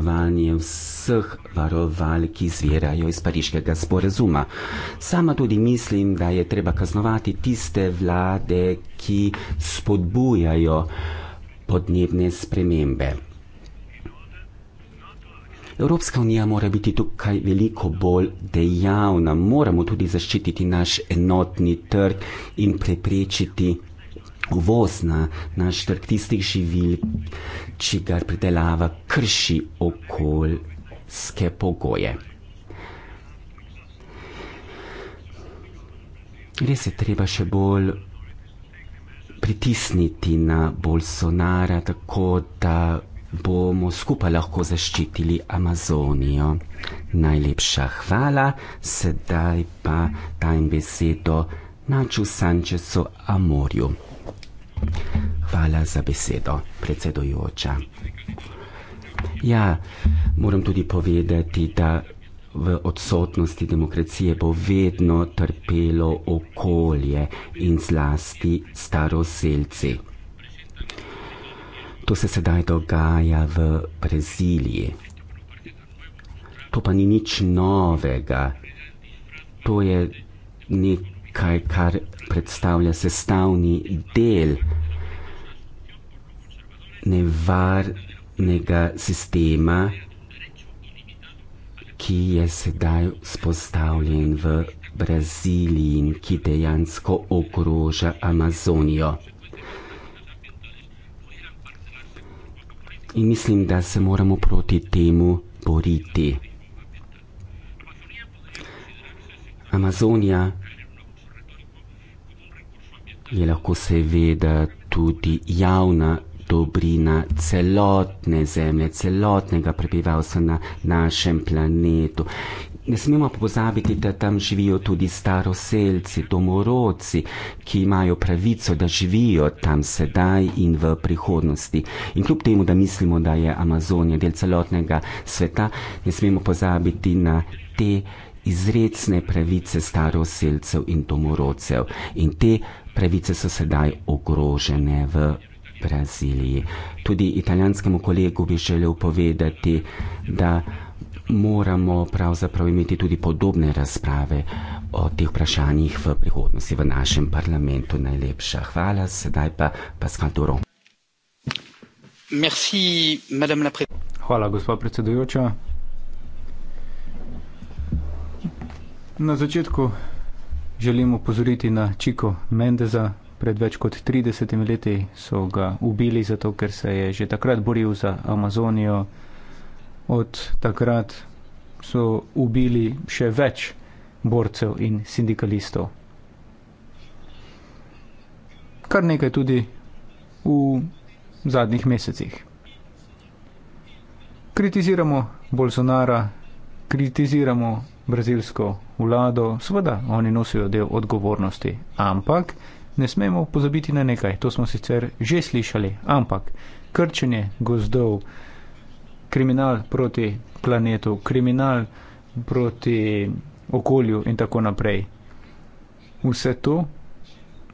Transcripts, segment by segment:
spoštovanje vseh varoval, ki izvirajo iz pariškega sporazuma. Sama tudi mislim, da je treba kaznovati tiste vlade, ki spodbujajo podnebne spremembe. Evropska unija mora biti tukaj veliko bolj dejavna, moramo tudi zaščititi naš enotni trg in preprečiti uvoz na naš trg tistih živil, čigar pridelava krši okoljske pogoje. Res je treba še bolj pritisniti na Bolsonara, tako da bomo skupaj lahko zaščitili Amazonijo. Najlepša hvala, sedaj pa dajem besedo Naču Sančesu Amorju. Hvala za besedo, predsedojoča. Ja, moram tudi povedati, da v odsotnosti demokracije bo vedno trpelo okolje in zlasti staroselci. To se sedaj dogaja v Braziliji. To pa ni nič novega. To je kaj, kar predstavlja sestavni del nevarnega sistema, ki je sedaj spostavljen v Braziliji in ki dejansko ogroža Amazonijo. In mislim, da se moramo proti temu boriti. Amazonija je lahko seveda tudi javna dobrina celotne zemlje, celotnega prebivalstva na našem planetu. Ne smemo pozabiti, da tam živijo tudi staroseljci, domorodci, ki imajo pravico, da živijo tam sedaj in v prihodnosti. In kljub temu, da mislimo, da je Amazonija del celotnega sveta, ne smemo pozabiti na te izredne pravice staroseljcev in domorodcev. In te pravice so sedaj ogrožene v Braziliji. Tudi italijanskemu kolegu bi želel povedati, da moramo pravzaprav imeti tudi podobne razprave o teh vprašanjih v prihodnosti v našem parlamentu. Najlepša hvala, sedaj pa Pascal Duro. Merci, hvala, gospod predsedujoča. Na začetku želim upozoriti na Čiko Mendeza. Pred več kot 30 leti so ga ubili, zato ker se je že takrat boril za Amazonijo. Od takrat so ubili še več borcev in sindikalistov. Kar nekaj tudi v zadnjih mesecih. Kritiziramo Bolsonara, kritiziramo brazilsko vlado, seveda oni nosijo del odgovornosti, ampak ne smemo pozabiti na nekaj, to smo sicer že slišali, ampak krčenje gozdov, kriminal proti planetu, kriminal proti okolju in tako naprej. Vse to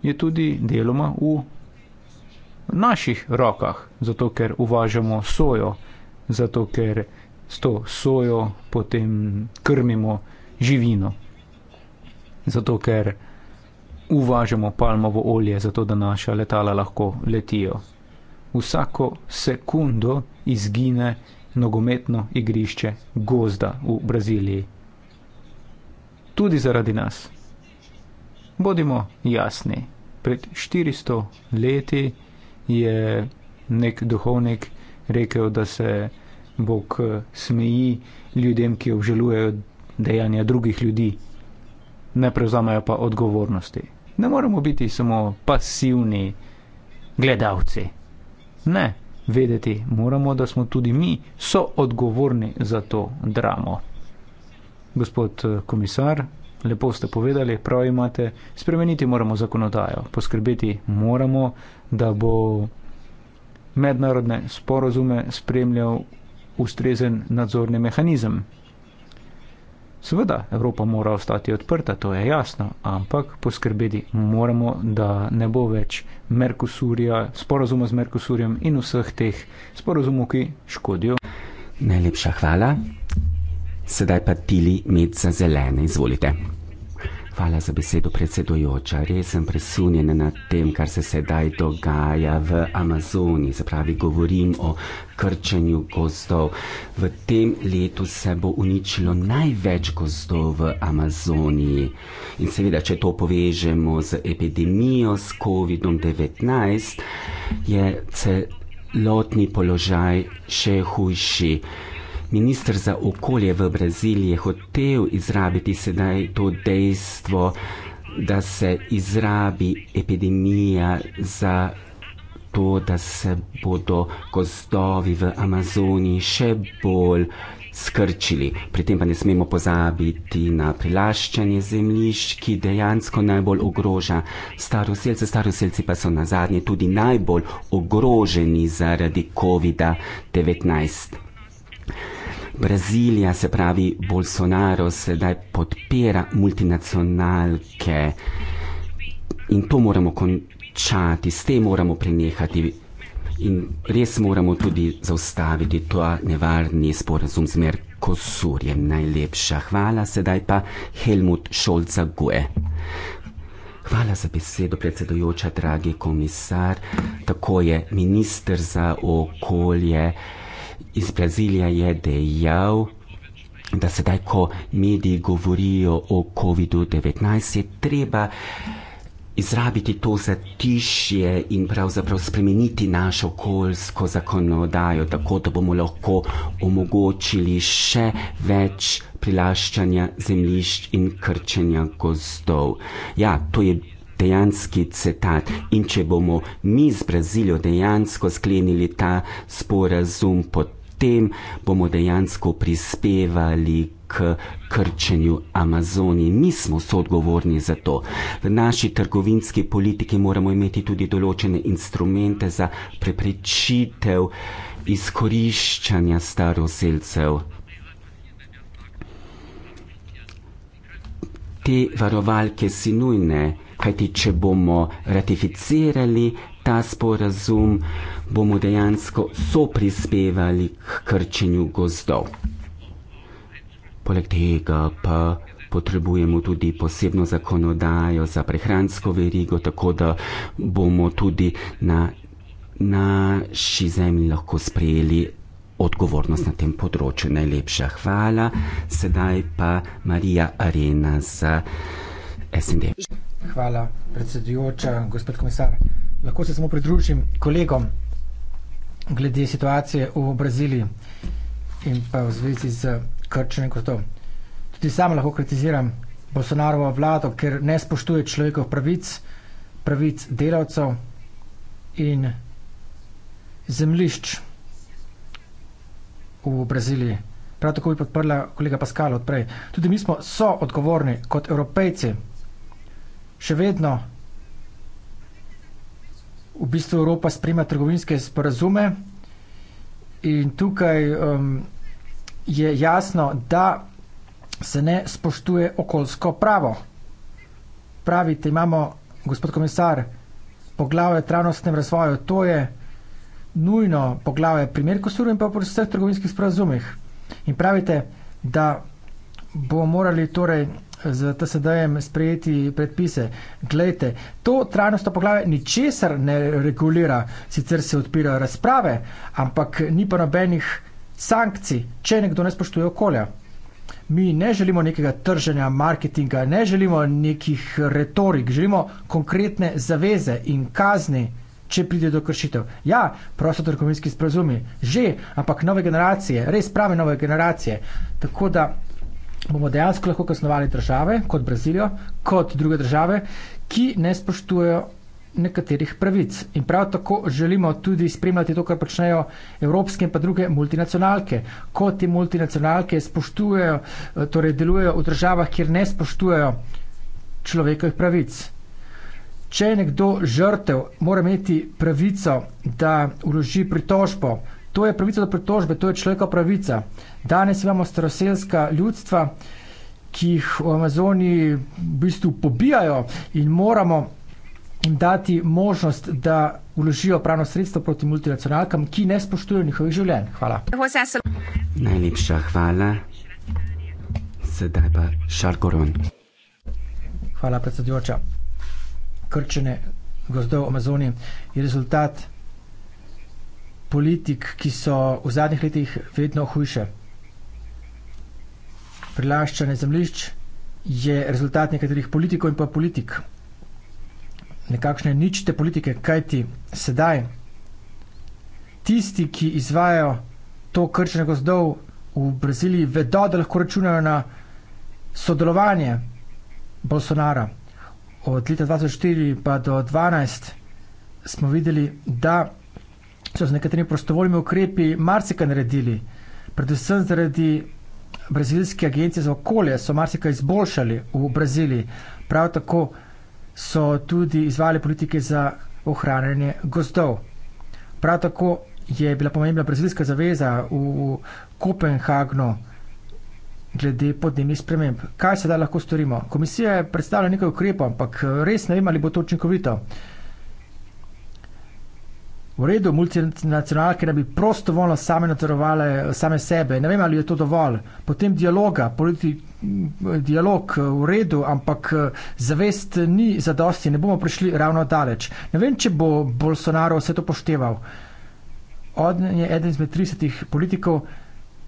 je tudi deloma v naših rokah, zato ker uvažamo sojo, zato ker s to sojo potem krmimo živino. Zato ker uvažamo palmovo olje, zato da naša letala lahko letijo. Vsako sekundo izgine nogometno igrišče gozda v Braziliji. Tudi zaradi nas. Bodimo jasni. Pred 400 leti je nek duhovnik rekel, da se je Bog eh, smeji ljudem, ki obžalujejo dejanja drugih ljudi, ne prevzamejo pa odgovornosti. Ne moramo biti samo pasivni gledalci. Ne, vedeti moramo, da smo tudi mi soodgovorni za to dramo. Gospod eh, komisar, lepo ste povedali, prav imate, spremeniti moramo zakonodajo, poskrbeti moramo, da bo mednarodne sporozume spremljal ustrezen nadzorni mehanizem. Seveda, Evropa mora ostati odprta, to je jasno, ampak poskrbeti moramo, da ne bo več Merkusurja, sporozuma z Merkusurjem in vseh teh sporozumov, ki škodijo. Najlepša hvala. Sedaj pa tili med za zelene, izvolite. Hvala za besedo, predsedujoča. Res sem presunjena nad tem, kar se sedaj dogaja v Amazoniji. Zapravi, govorim o krčenju gozdov. V tem letu se bo uničilo največ gozdov v Amazoniji. In seveda, če to povežemo z epidemijo, s COVID-19, je celotni položaj še hujši. Ministr za okolje v Braziliji je hotel izrabiti sedaj to dejstvo, da se izrabi epidemija za to, da se bodo gozdovi v Amazoniji še bolj skrčili. Pri tem pa ne smemo pozabiti na prilaščanje zemljišč, ki dejansko najbolj ogroža staroseljce. Staroseljci pa so na zadnje tudi najbolj ogroženi zaradi COVID-19. Brazilija, se pravi Bolsonaro, sedaj podpira multinacionalke in to moramo končati, s tem moramo prenehati in res moramo tudi zaustaviti ta nevarni sporazum z Merkosurjem. Najlepša hvala, sedaj pa Helmut Šolca Gue. Hvala za besedo, predsedujoča, dragi komisar. Tako je minister za okolje iz Brazilija je dejal, da sedaj, ko mediji govorijo o COVID-19, je treba izrabiti to zatišje in pravzaprav spremeniti našo okoljsko zakonodajo, tako da bomo lahko omogočili še več prilaščanja zemljišč in krčenja gozdov. Ja, to je dejanski citat. In če bomo mi z Brazilijo dejansko sklenili ta sporazum, potem tem bomo dejansko prispevali k krčenju Amazonije. Mi smo soodgovorni za to. V naši trgovinski politiki moramo imeti tudi določene instrumente za preprečitev izkoriščanja staroseljcev. Te varovalke si nujne, kajti če bomo ratificirali ta sporazum bomo dejansko soprispevali k krčenju gozdov. Poleg tega pa potrebujemo tudi posebno zakonodajo za prehransko verigo, tako da bomo tudi na naši zemlji lahko sprejeli odgovornost na tem področju. Najlepša hvala. Sedaj pa Marija Arena za SND. Hvala, predsedujoča, gospod komisar lahko se samo pridružim kolegom glede situacije v Braziliji in pa v zvezi z krčenjem kot to. Tudi sam lahko kritiziram Bolsonarovo vlado, ker ne spoštuje človekov pravic, pravic delavcev in zemlišč v Braziliji. Prav tako bi podprla kolega Pascal odprej. Tudi mi smo so odgovorni kot evropejci še vedno v bistvu Evropa sprejema trgovinske sporazume in tukaj um, je jasno, da se ne spoštuje okoljsko pravo. Pravite, imamo, gospod komisar, poglavje o trajnostnem razvoju, to je nujno poglavje primer kosuru in pa po vseh trgovinskih sporazumih. In pravite, da bomo morali torej z TSD-jem sprejeti predpise. Glejte, to trajnostno poglavje ničesar ne regulira, sicer se odpirajo razprave, ampak ni pa nobenih sankcij, če nekdo ne spoštuje okolja. Mi ne želimo nekega trženja, marketinga, ne želimo nekih retorik, želimo konkretne zaveze in kazni, če pride do kršitev. Ja, prosto trgovinski sporozumi, že, ampak nove generacije, res prave nove generacije. Tako da bomo dejansko lahko kaznovali države kot Brazilijo, kot druge države, ki ne spoštujejo nekaterih pravic. In prav tako želimo tudi spremljati to, kar počnejo evropske in pa druge multinacionalke. Ko te multinacionalke spoštujejo, eh, torej delujejo v državah, kjer ne spoštujejo človekovih pravic. Če je nekdo žrtev, mora imeti pravico, da uloži pritožbo To je pravica do pretožbe, to je človeka pravica. Danes imamo staroselska ljudstva, ki jih v Amazoniji v bistvu pobijajo in moramo jim dati možnost, da uložijo pravno sredstvo proti multinacionalkam, ki ne spoštujejo njihovih življenj. Hvala. Najlepša hvala. Sedaj pa Šarkoron. Hvala, predsedujoča. Krčene gozdov v Amazoniji je rezultat politik, ki so v zadnjih letih vedno hujše. Prilaščanje zemljišč je rezultat nekaterih politikov in pa politik. Nekakšne ničte politike, kajti sedaj tisti, ki izvajajo to krčenje gozdov v Braziliji, vedo, da lahko računajo na sodelovanje Bolsonara. Od leta 2004 pa do 2012 smo videli, da so z nekaterimi prostovoljnimi ukrepi marsikaj naredili, predvsem zaradi brazilske agencije za okolje, so marsikaj izboljšali v Braziliji. Prav tako so tudi izvali politike za ohranjanje gozdov. Prav tako je bila pomembna brazilska zaveza v Kopenhagnu glede podnebnih sprememb. Kaj se da lahko storimo? Komisija je predstavila nekaj ukrepov, ampak res ne vem, ali bo to učinkovito v redu, multinacionalke naj bi prostovoljno same nadzorovale same sebe. Ne vem, ali je to dovolj. Potem dialoga, politi, dialog v redu, ampak zavest ni zadosti, ne bomo prišli ravno daleč. Ne vem, če bo Bolsonaro vse to pošteval. On je eden izmed 30 politikov,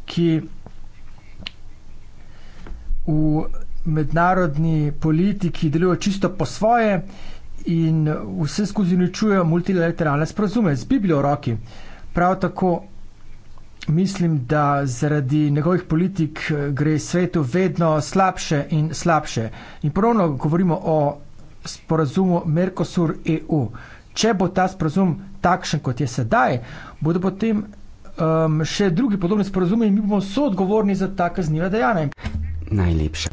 ki v mednarodni politiki delujejo čisto po svoje in vse skozi uničujejo multilateralne sporozume z Biblijo v roki. Prav tako mislim, da zaradi njegovih politik eh, gre svetu vedno slabše in slabše. In ponovno govorimo o sporozumu Mercosur EU. Če bo ta sporozum takšen, kot je sedaj, bodo potem um, še drugi podobni sporozumi in mi bomo soodgovorni za ta kazniva dejanja. Najlepša.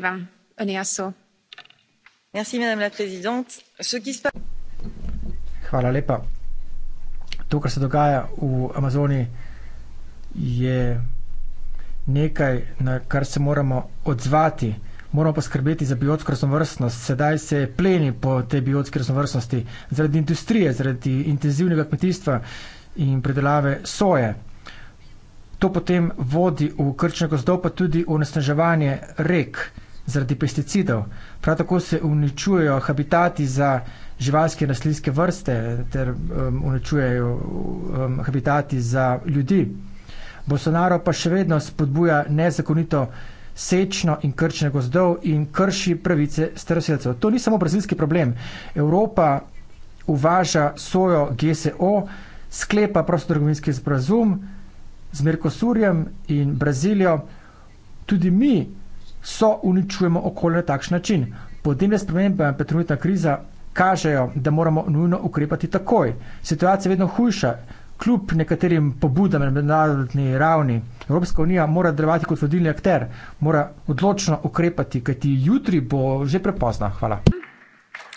Vam, ne jaz so. Hvala lepa. To, kar se dogaja v Amazoniji, je nekaj, na kar se moramo odzvati. Moramo poskrbeti za biotsko raznovrstnost. Sedaj se pleni po tej biotski raznovrstnosti zaradi industrije, zaradi intenzivnega kmetijstva in predelave soje. To potem vodi v krčne gozdov, pa tudi v nasneževanje rek zaradi pesticidov. Prav tako se uničujejo habitati za živalske naslinske vrste ter um, uničujejo um, habitati za ljudi. Bolsonaro pa še vedno spodbuja nezakonito sečno in krčne gozdov in krši pravice staroseljcev. To ni samo brazilski problem. Evropa uvaža sojo GSO, sklepa prostotrgovinski sporazum z Mercosurjem in Brazilijo. Tudi mi so uničujemo okolje na takšen način. Podnebne spremembe in petrometna kriza kažejo, da moramo nujno ukrepati takoj. Situacija je vedno hujša, kljub nekaterim pobudam na mednarodni ravni. Evropska unija mora delovati kot vodilni akter, mora odločno ukrepati, kajti jutri bo že prepozna. Hvala.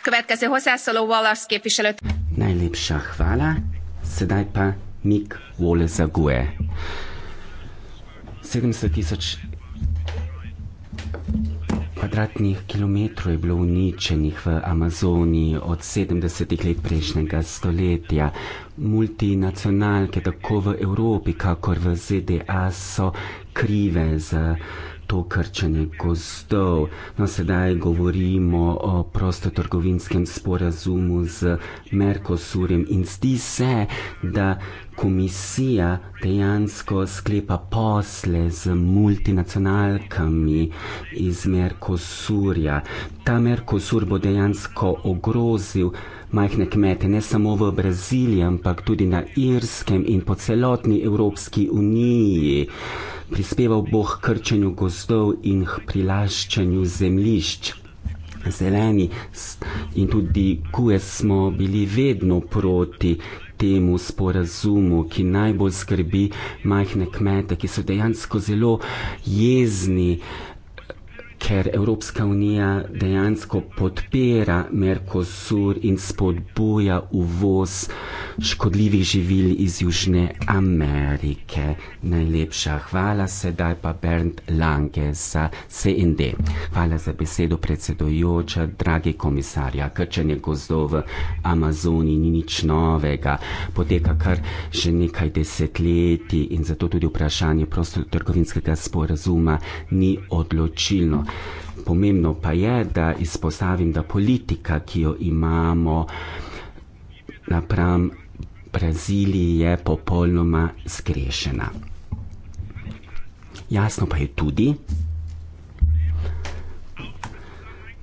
Következő hozzászóló Wallace képviselőt. Najlépsa hvala. Sedaj pa Mik Wallace Ague. 700 tisoč 000 kvadratnih kilometrov je bilo uničenih v Amazoniji od 70. let prejšnjega stoletja. Multinacionalke tako v Evropi, kakor v ZDA so krive za to krčenje gozdov. No, sedaj govorimo o prostotrgovinskem sporazumu z Merkosurjem in zdi se, da komisija dejansko sklepa posle z multinacionalkami iz Merkosurja. Ta Merkosur bo dejansko ogrozil majhne kmete, ne samo v Braziliji, ampak tudi na Irskem in po celotni Evropski uniji. Prispeval bo k krčenju gozdov in k prilaščanju zemlišč. Zeleni in tudi kue smo bili vedno proti temu sporazumu, ki najbolj skrbi majhne kmete, ki so dejansko zelo jezni, ker Evropska unija dejansko podpira Merkosur in spodbuja uvoz škodljivih živil iz Južne Amerike. Najlepša hvala sedaj pa Bernd Lange za CND. Hvala za besedo predsedojoča, dragi komisarja. Krčenje gozdov v Amazoni ni nič novega, poteka kar že nekaj desetletij in zato tudi vprašanje prostotrgovinskega sporazuma ni odločilno. Pomembno pa je, da izpostavim, da politika, ki jo imamo napram Braziliji, je popolnoma zgrešena. Jasno pa je tudi,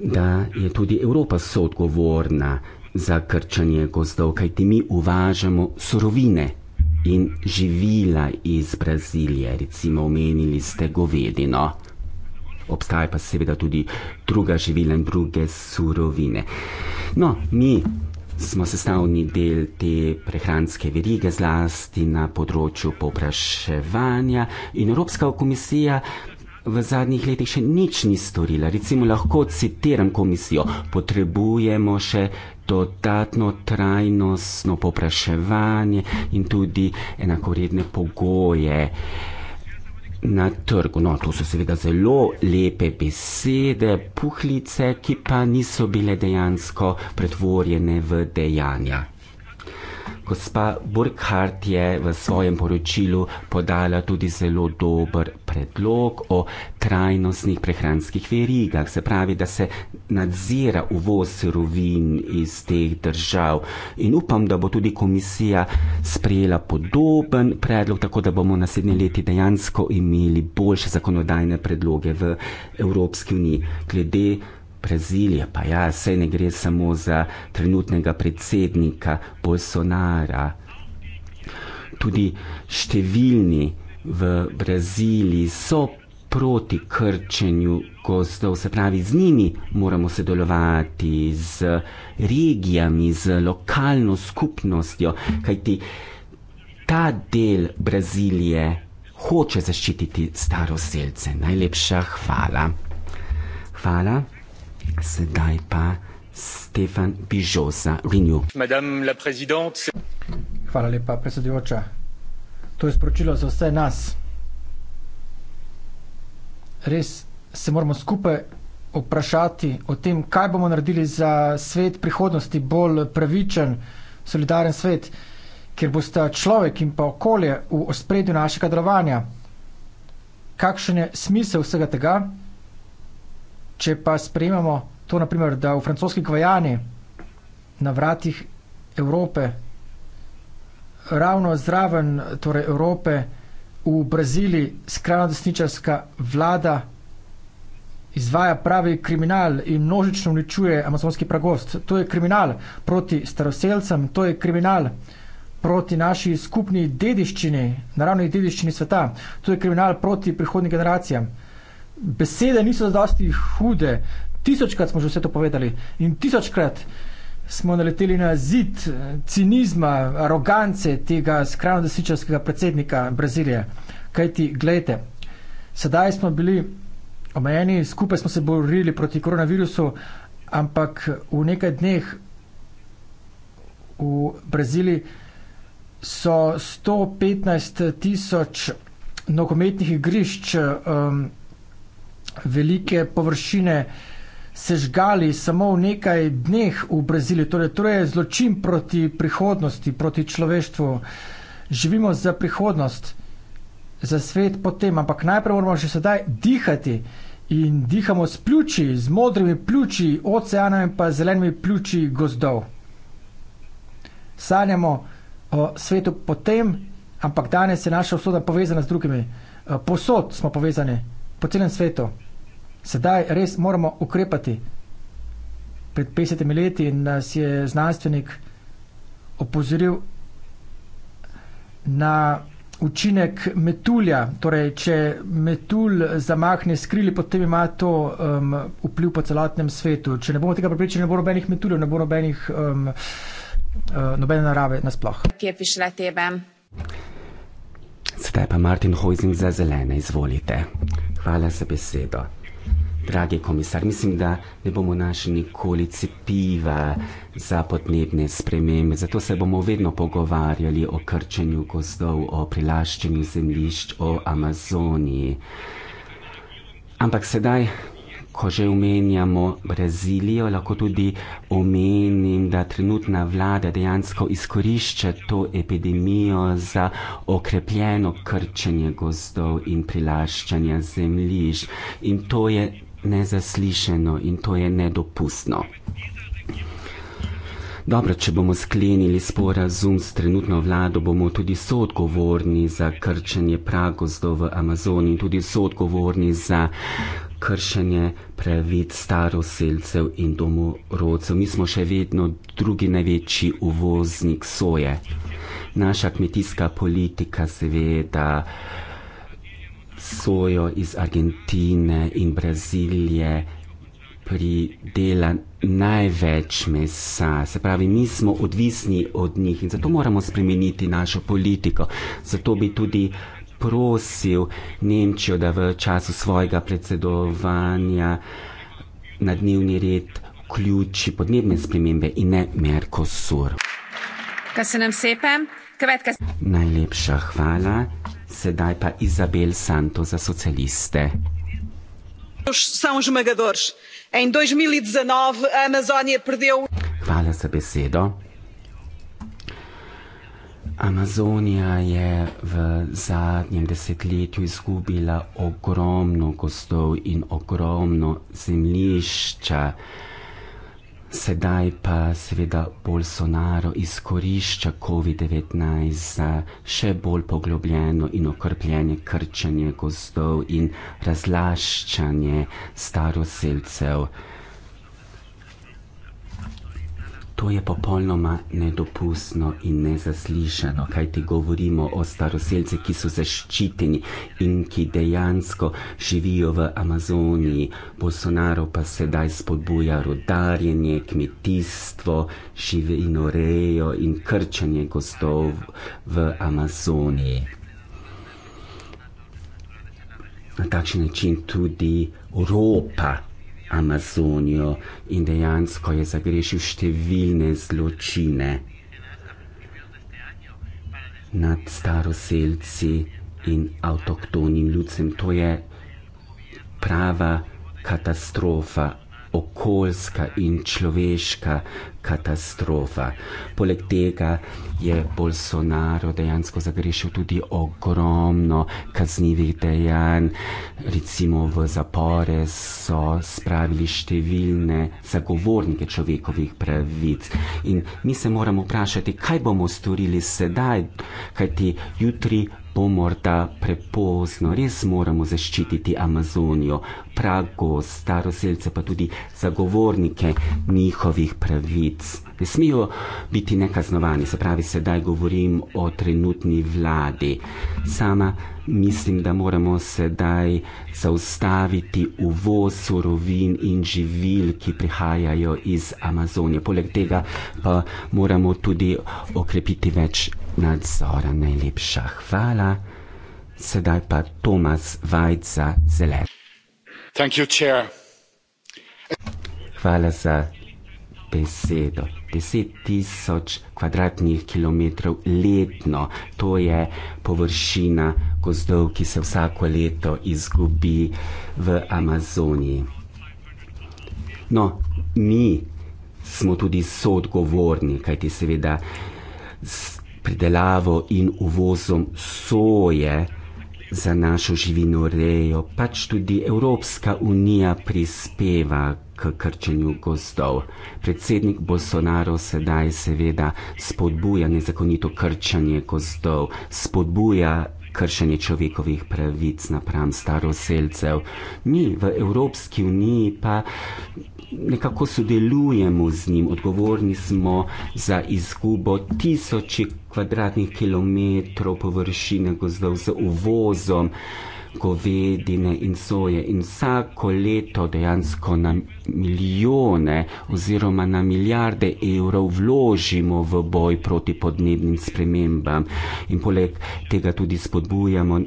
da je tudi Evropa soodgovorna za krčanje gozdov, kajti mi uvažamo surovine in živila iz Brazilije, recimo omenili ste govedino obstaja pa seveda tudi druga živila in druge surovine. No, mi smo sestavni del te prehranske verige, zlasti na področju popraševanja, in Evropska komisija. V zadnjih letih še nič ni storila. Recimo, lahko citiram komisijo: Potrebujemo še dodatno trajnostno popraševanje in tudi enakovredne pogoje na trgu. No, to so seveda zelo lepe besede, puhlice, ki pa niso bile dejansko pretvorjene v dejanja. Gospa Burkhardt je v svojem poročilu podala tudi zelo dober predlog o trajnostnih prehranskih verigah, se pravi, da se nadzira uvoz surovin iz teh držav. In upam, da bo tudi komisija sprejela podoben predlog, tako da bomo naslednje leti dejansko imeli boljše zakonodajne predloge v Evropski uniji. Brazilija, pa ja, vse ne gre samo za trenutnega predsednika Bolsonara. Tudi številni v Braziliji so proti krčenju gozdov, se pravi, z njimi moramo sodelovati, z regijami, z lokalno skupnostjo, kajti ta del Brazilije hoče zaščititi staroseljce. Najlepša hvala. Hvala. Sedaj pa Stefan Bižosa Renew. Hvala lepa, predsedujoča. To je sporočilo za vse nas. Res se moramo skupaj vprašati o tem, kaj bomo naredili za svet prihodnosti, bolj pravičen, solidaren svet, kjer bosta človek in pa okolje v ospredju našega delovanja. Kakšen je smisel vsega tega? Če pa sprejemamo to, naprimer, da v francoski kvajani na vratih Evrope, ravno zraven torej Evrope, v Braziliji skrajno desničarska vlada izvaja pravi kriminal in množično uničuje amazonski pragost. To je kriminal proti staroselcem, to je kriminal proti naši skupni dediščini, naravni dediščini sveta, to je kriminal proti prihodnim generacijam besede niso zadosti hude. Tisočkrat smo že vse to povedali in tisočkrat smo naleteli na zid eh, cinizma, arogance tega skrajno-desničarskega predsednika Brazilije. Kaj ti, gledajte, sedaj smo bili omejeni, skupaj smo se borili proti koronavirusu, ampak v nekaj dneh v Braziliji so 115 tisoč nogometnih igrišč um, velike površine sežgali samo v nekaj dneh v Braziliji. Torej, to je zločin proti prihodnosti, proti človeštvu. Živimo za prihodnost, za svet potem, ampak najprej moramo še sedaj dihati in dihamo s pljuči, z modrimi pljuči oceana in pa zelenimi pljuči gozdov. Sanjamo o svetu potem, ampak danes je naša vsota povezana z drugimi. Posod smo povezani po celem svetu. Sedaj res moramo ukrepati. Pred 50 leti nas je znanstvenik opozoril na učinek metulja. Torej, če metulj zamahne skrili, potem ima to um, vpliv po celotnem svetu. Če ne bomo tega pripričali, ne bo nobenih metuljev, ne bo nobenih, um, uh, nobene narave nasploh. Kje piše tebe? Stepa Martin Hojzing za zelene, izvolite. Hvala za besedo. Dragi komisar, mislim, da ne bomo našli nikoli cepiva za podnebne spremembe, zato se bomo vedno pogovarjali o krčenju gozdov, o prilaščenju zemljišč, o Amazoniji. Ampak sedaj ko že omenjamo Brazilijo, lahko tudi omenim, da trenutna vlada dejansko izkorišča to epidemijo za okrepljeno krčenje gozdov in prilaščanje zemljiš. In to je nezaslišeno in to je nedopustno. Dobro, če bomo sklenili sporazum s trenutno vlado, bomo tudi soodgovorni za krčenje pragozdov v Amazoniji in tudi soodgovorni za kršenje pravic staroseljcev in domorodcev. Mi smo še vedno drugi največji uvoznik soje. Naša kmetijska politika seveda sojo iz Argentine in Brazilije pridela največ mesa. Se pravi, mi smo odvisni od njih in zato moramo spremeniti našo politiko. Zato bi tudi prosil Nemčijo, da v času svojega predsedovanja na dnevni red vključi podnebne spremembe in ne Merkosur. Kaj se nam sepe? Kvetka. Najlepša hvala. Sedaj pa Izabel Santo za socialiste. E hvala za besedo. Amazonija je v zadnjem desetletju izgubila ogromno gostov in ogromno zemljišča. Sedaj pa seveda Bolsonaro izkorišča COVID-19 za še bolj poglobljeno in okrpljenje krčanje gozdov in razlaščanje staroseljcev. To je popolnoma nedopustno in nezaslišano, kaj ti govorimo o staroseljce, ki so zaščiteni in ki dejansko živijo v Amazoniji. Bolsonaro pa sedaj spodbuja rodarjenje, kmetijstvo, živino rejo in krčanje gostov v Amazoniji. Na takšen način tudi Evropa Amazonijo in dejansko je zagrešil številne zločine nad staroselci in avtoktonim ljudstvom. To je prava katastrofa, okoljska in človeška, katastrofa. Poleg tega je Bolsonaro dejansko zagrešil tudi ogromno kaznivih dejanj. Recimo v zapore so spravili številne zagovornike človekovih pravic. In mi se moramo vprašati, kaj bomo storili sedaj, kajti jutri bo morda prepozno. Res moramo zaščititi Amazonijo, prago, staroselce, pa tudi zagovornike njihovih pravic pravic, ne smejo biti nekaznovani. Se pravi, sedaj govorim o trenutni vladi. Sama mislim, da moramo sedaj zaustaviti uvoz surovin in živil, ki prihajajo iz Amazonije. Poleg tega pa moramo tudi okrepiti več nadzora. Najlepša hvala. Sedaj pa Tomas Vajca Zelen. Thank you, chair. Hvala za besedo. 10 tisoč kvadratnih kilometrov letno, to je površina gozdov, ki se vsako leto izgubi v Amazoniji. No, mi smo tudi soodgovorni, kajti seveda s pridelavo in uvozom soje za našo živinorejo pač tudi Evropska unija prispeva k krčenju gozdov. Predsednik Bolsonaro sedaj seveda spodbuja nezakonito krčanje gozdov, spodbuja kršenje človekovih pravic napram staroseljcev. Mi v Evropski uniji pa nekako sodelujemo z njim, odgovorni smo za izgubo tisoči kvadratnih kilometrov površine gozdov z uvozom govedine in soje. In vsako leto dejansko na milijone oziroma na milijarde evrov vložimo v boj proti podnebnim spremembam. In poleg tega tudi spodbujamo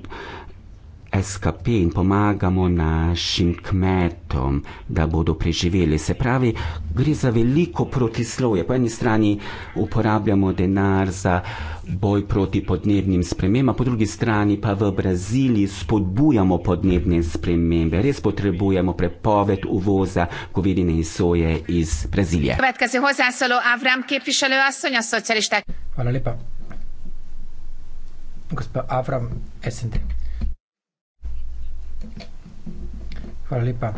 SKP in pomagamo našim kmetom, da bodo preživeli. Se pravi, gre za veliko protislovje. Po eni strani uporabljamo denar za boj proti podnebnim spremembam, po drugi strani pa v Braziliji spodbujamo podnebne spremembe. Res potrebujemo prepoved uvoza govedine in soje iz Brazilije. Hvala lepa. Gospod Avram, SND. Hvala lepa.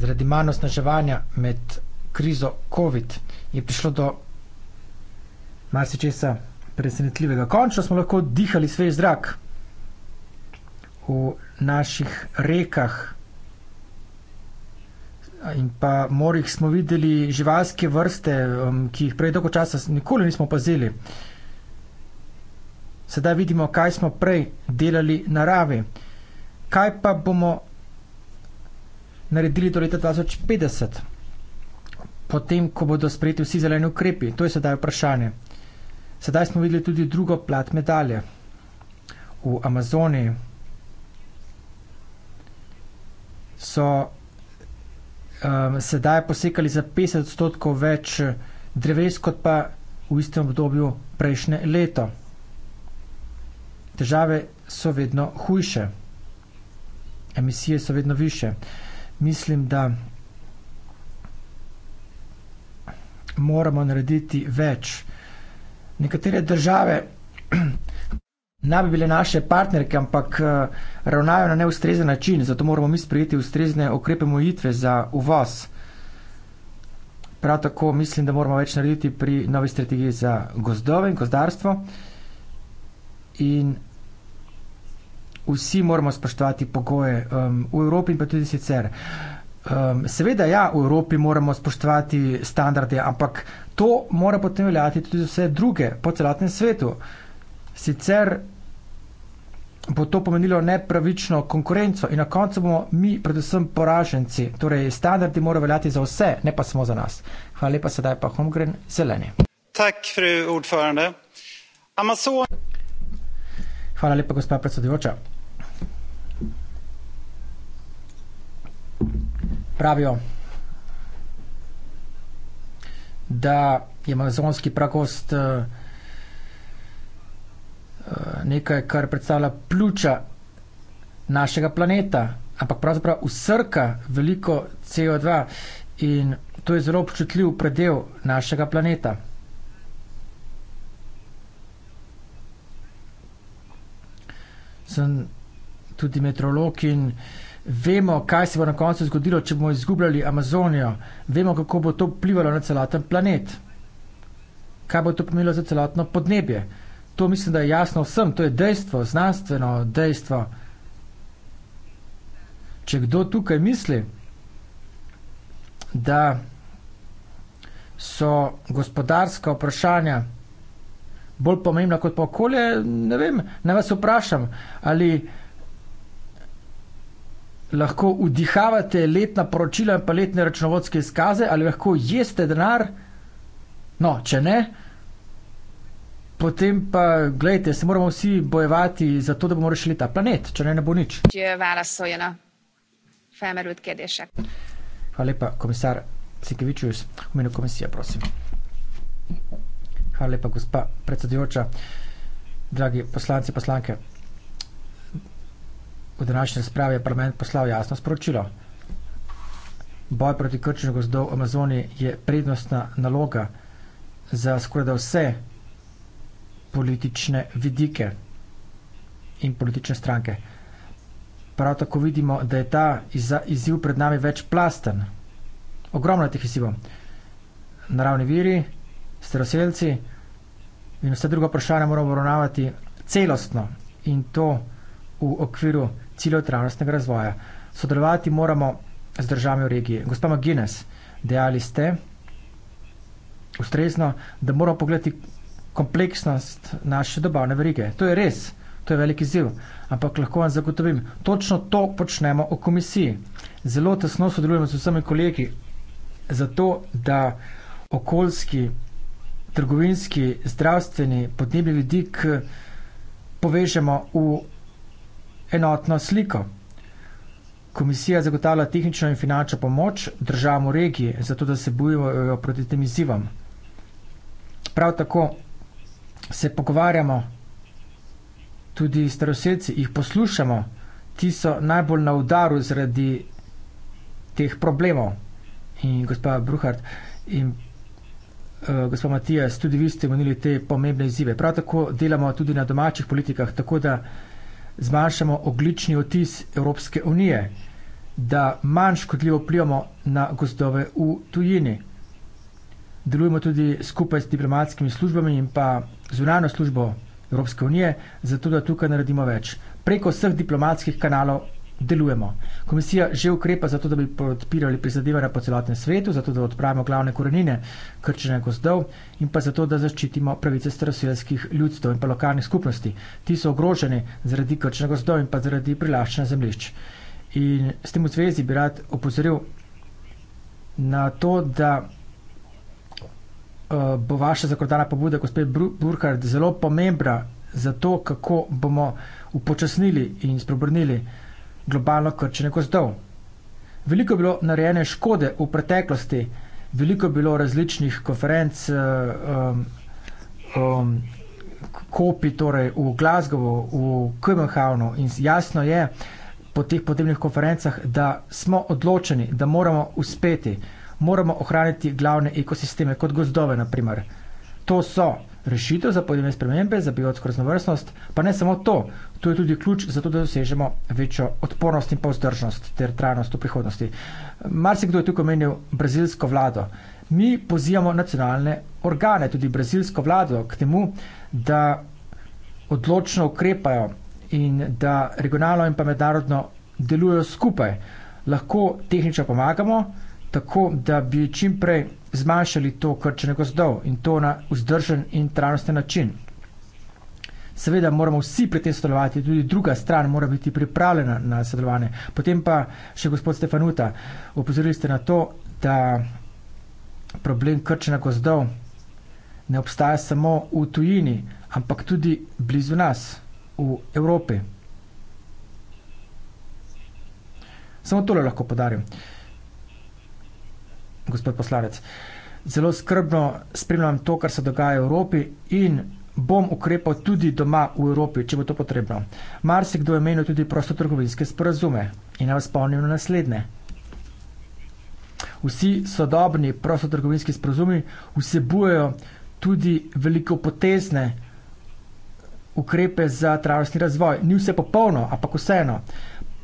Zaradi manj osnaževanja med krizo COVID je prišlo do marsičesa presenetljivega. Končno smo lahko dihali svež zrak v naših rekah in pa morih smo videli živalske vrste, um, ki jih prej dolgo časa nikoli nismo opazili. Sedaj vidimo, kaj smo prej delali naravi. Kaj pa bomo naredili do leta 2050, potem, ko bodo sprejeti vsi zeleni ukrepi? To je sedaj vprašanje. Sedaj smo videli tudi drugo plat medalje v Amazoniji. So um, sedaj posekali za 50 odstotkov več dreves, kot pa v istem obdobju prejšnje leto težave so vedno hujše, emisije so vedno više. Mislim, da moramo narediti več. Nekatere države ne bi bile naše partnerke, ampak eh, ravnajo na neustrezen način, zato moramo mi sprejeti ustrezne okrepe mojitve za uvoz. Prav tako mislim, da moramo več narediti pri novi strategiji za gozdove in gozdarstvo. In vsi moramo spoštovati pogoje um, v Evropi in pa tudi sicer. Um, seveda, ja, v Evropi moramo spoštovati standarde, ampak to mora potem veljati tudi za vse druge po celotnem svetu. Sicer bo to pomenilo nepravično konkurenco in na koncu bomo mi predvsem poraženci. Torej, standardi morajo veljati za vse, ne pa samo za nas. Hvala lepa, sedaj pa Homgren, zeleni. Tak, fru, Hvala lepa, gospa predsedujoča. Pravijo, da je amazonski pragost eh, eh, nekaj, kar predstavlja pljuča našega planeta, ampak pravzaprav usrka veliko CO2 in to je zelo občutljiv predel našega planeta. sem tudi metrolog in vemo, kaj se bo na koncu zgodilo, če bomo izgubljali Amazonijo. Vemo, kako bo to vplivalo na celoten planet. Kaj bo to pomenilo za celotno podnebje. To mislim, da je jasno vsem. To je dejstvo, znanstveno dejstvo. Če kdo tukaj misli, da so gospodarska vprašanja, bolj pomembna kot pa okolje, ne vem, ne vas vprašam, ali lahko vdihavate letna poročila in pa letne računovodske izkaze, ali lahko jeste denar, no, če ne, potem pa, gledajte, se moramo vsi bojevati za to, da bomo rešili ta planet, če ne, ne bo nič. Hvala lepa, komisar Sikevičius, v imenu komisije, prosim. Hvala lepa, gospa predsedujoča. Dragi poslanci, poslanke, v današnji razpravi je parlament poslal jasno sporočilo. Boj proti krčenju gozdov v Amazoniji je prednostna naloga za skoraj da vse politične vidike in politične stranke. Prav tako vidimo, da je ta izziv pred nami večplasten. Ogromno teh izzivov. Naravni viri, staroseljci in vse druga vprašanja moramo obravnavati celostno in to v okviru ciljev trajnostnega razvoja. Sodelovati moramo z državami v regiji. Gospa Magines, dejali ste ustrezno, da moramo pogledati kompleksnost naše dobavne verige. To je res, to je veliki ziv, ampak lahko vam zagotovim, točno to počnemo v komisiji. Zelo tesno sodelujemo s vsemi kolegi, zato da okoljski trgovinski, zdravstveni, podnebni vidik eh, povežemo v enotno sliko. Komisija zagotavlja tehnično in finančno pomoč državam v regiji, zato da se bojujejo proti tem izzivom. Prav tako se pogovarjamo tudi s staroseljci, jih poslušamo, ti so najbolj na udaru zaradi teh problemov. In gospod Bruhart, in Eh, gospa Matija, tudi vi ste omenili te pomembne izzive. Prav tako delamo tudi na domačih politikah, tako da zmanjšamo oglični otis Evropske unije, da manj škodljivo vplivamo na gozdove v tujini. Delujemo tudi skupaj s diplomatskimi službami in pa zunano službo Evropske unije, zato da tukaj naredimo več. Preko vseh diplomatskih kanalov delujemo. Komisija že ukrepa zato, da bi podpirali prizadevanja po celotnem svetu, zato da odpravimo glavne korenine krčene gozdov in pa zato, da zaščitimo pravice staroseljskih ljudstv in pa lokalnih skupnosti. Ti so ogroženi zaradi krčene gozdov in pa zaradi prilaščanja zemljišč. In s tem v zvezi bi rad opozoril na to, da eh, bo vaša zakonodana pobuda, gospod Burkhardt, zelo pomembna za to, kako bomo upočasnili in spobrnili globalno krčenje gozdov. Veliko je bilo narejene škode v preteklosti, veliko je bilo različnih konferenc, eh, um, um, kopij torej, v Glasgowu, v Kemenhavnu in jasno je po teh podnebnih konferencah, da smo odločeni, da moramo uspeti, moramo ohraniti glavne ekosisteme kot gozdove, naprimer. To so rešitev za podnebne spremembe, za biotsko raznovrstnost, pa ne samo to, to je tudi ključ za to, da dosežemo večjo odpornost in pa vzdržnost ter trajnost v prihodnosti. Marsikdo je tukaj omenil brazilsko vlado. Mi pozivamo nacionalne organe, tudi brazilsko vlado, k temu, da odločno ukrepajo in da regionalno in pa mednarodno delujejo skupaj. Lahko tehnično pomagamo, tako, da bi čim prej zmanjšali to krčenje gozdov in to na vzdržen in trajnosten način. Seveda moramo vsi pri tem sodelovati, tudi druga stran mora biti pripravljena na sodelovanje. Potem pa še gospod Stefanuta, upozorili ste na to, da problem krčenja gozdov ne obstaja samo v tujini, ampak tudi blizu nas, v Evropi. Samo tole lahko podarim. Uh, gospod poslanec. Zelo skrbno spremljam to, kar se dogaja v Evropi in bom ukrepal tudi doma v Evropi, če bo to potrebno. Mar si kdo je menil tudi prostotrgovinske sporazume in naj vas spomnim na naslednje. Vsi sodobni prostotrgovinski sporazumi vsebujejo tudi veliko potezne ukrepe za trajnostni razvoj. Ni vse popolno, ampak vseeno.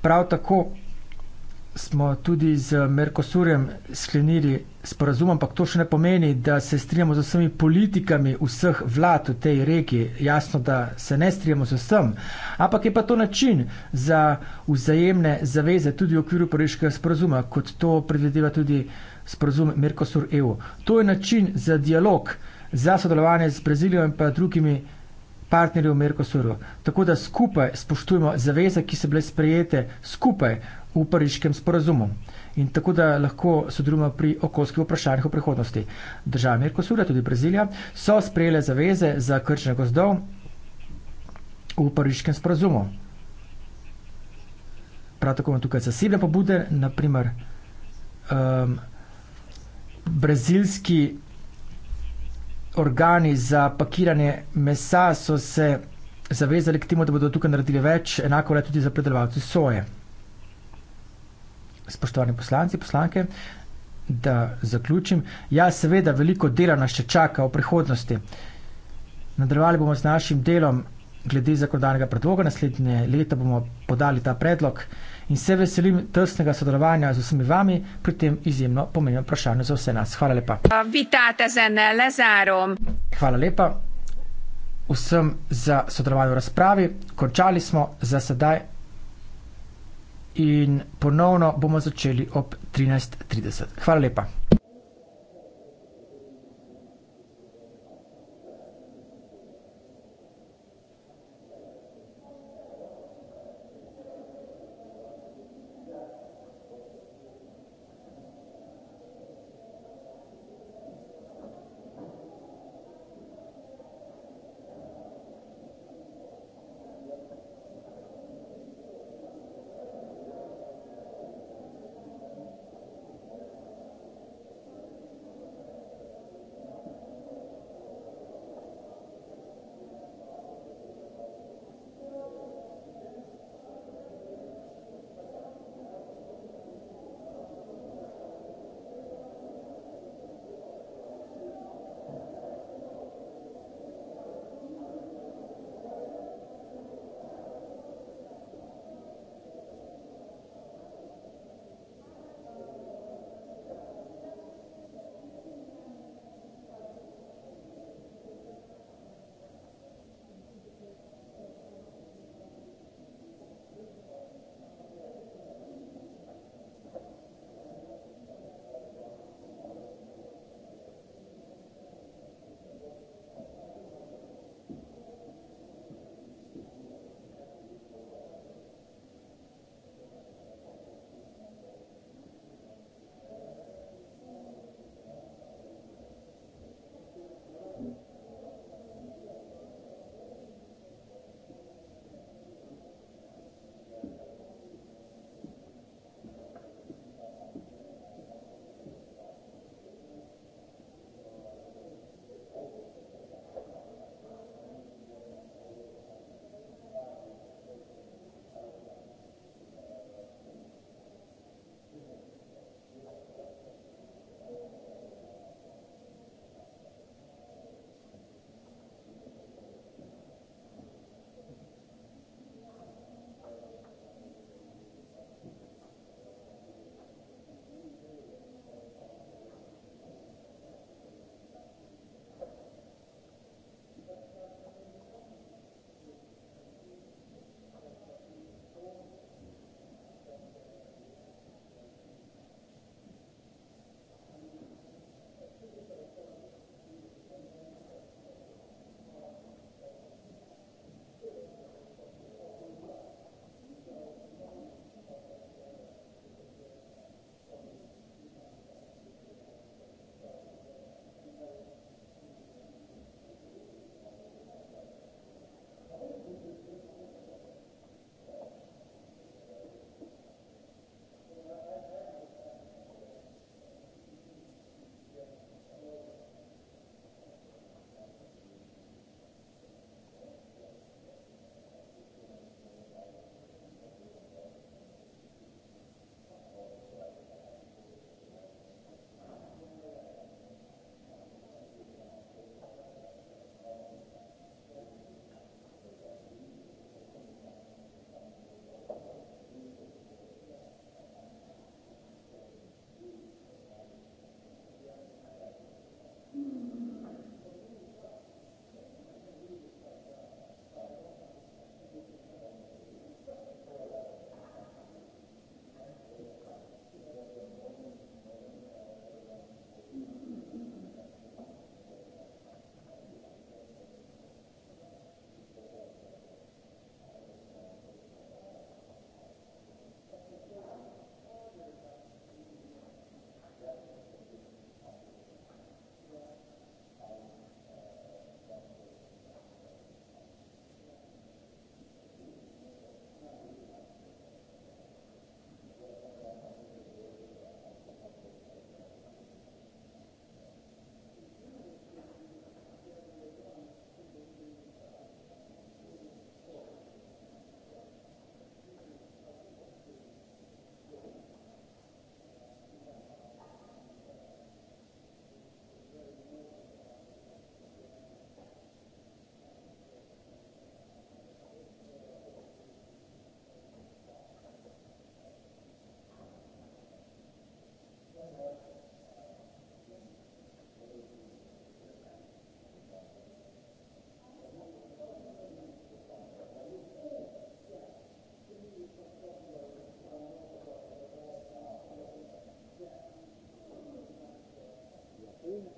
Prav tako smo tudi z Merkosurjem sklenili sporazum, ampak to še ne pomeni, da se strinjamo z vsemi politikami vseh vlad v tej regiji. Jasno, da se ne strinjamo z vsem, ampak je pa to način za vzajemne zaveze tudi v okviru pariškega sporazuma, kot to predvideva tudi sporazum Merkosur-EU. To je način za dialog, za sodelovanje z Brazilijo in pa drugimi partnerji v Merkosuru. Tako da skupaj spoštujemo zaveze, ki so bile sprejete skupaj v pariškem sporazumu in tako da lahko sodelujemo pri okoljskih vprašanjih v prihodnosti. Države Merkosura, tudi Brazilija, so sprejele zaveze za krčne gozdov v pariškem sporazumu. Prav tako imamo tukaj zasebne pobude, naprimer um, brazilski organi za pakiranje mesa so se zavezali k temu, da bodo tukaj naredili več, enako le tudi za predelovalce soje spoštovani poslanci, poslanke, da zaključim. Ja, seveda, veliko dela nas še čaka v prihodnosti. Nadaljevali bomo z našim delom glede zakonodajnega predloga, naslednje leto bomo podali ta predlog in se veselim tesnega sodelovanja z vsemi vami pri tem izjemno pomembnem vprašanju za vse nas. Hvala lepa. Hvala lepa vsem za sodelovanje v razpravi. Končali smo za sedaj in ponovno bomo začeli ob 13.30. Hvala lepa.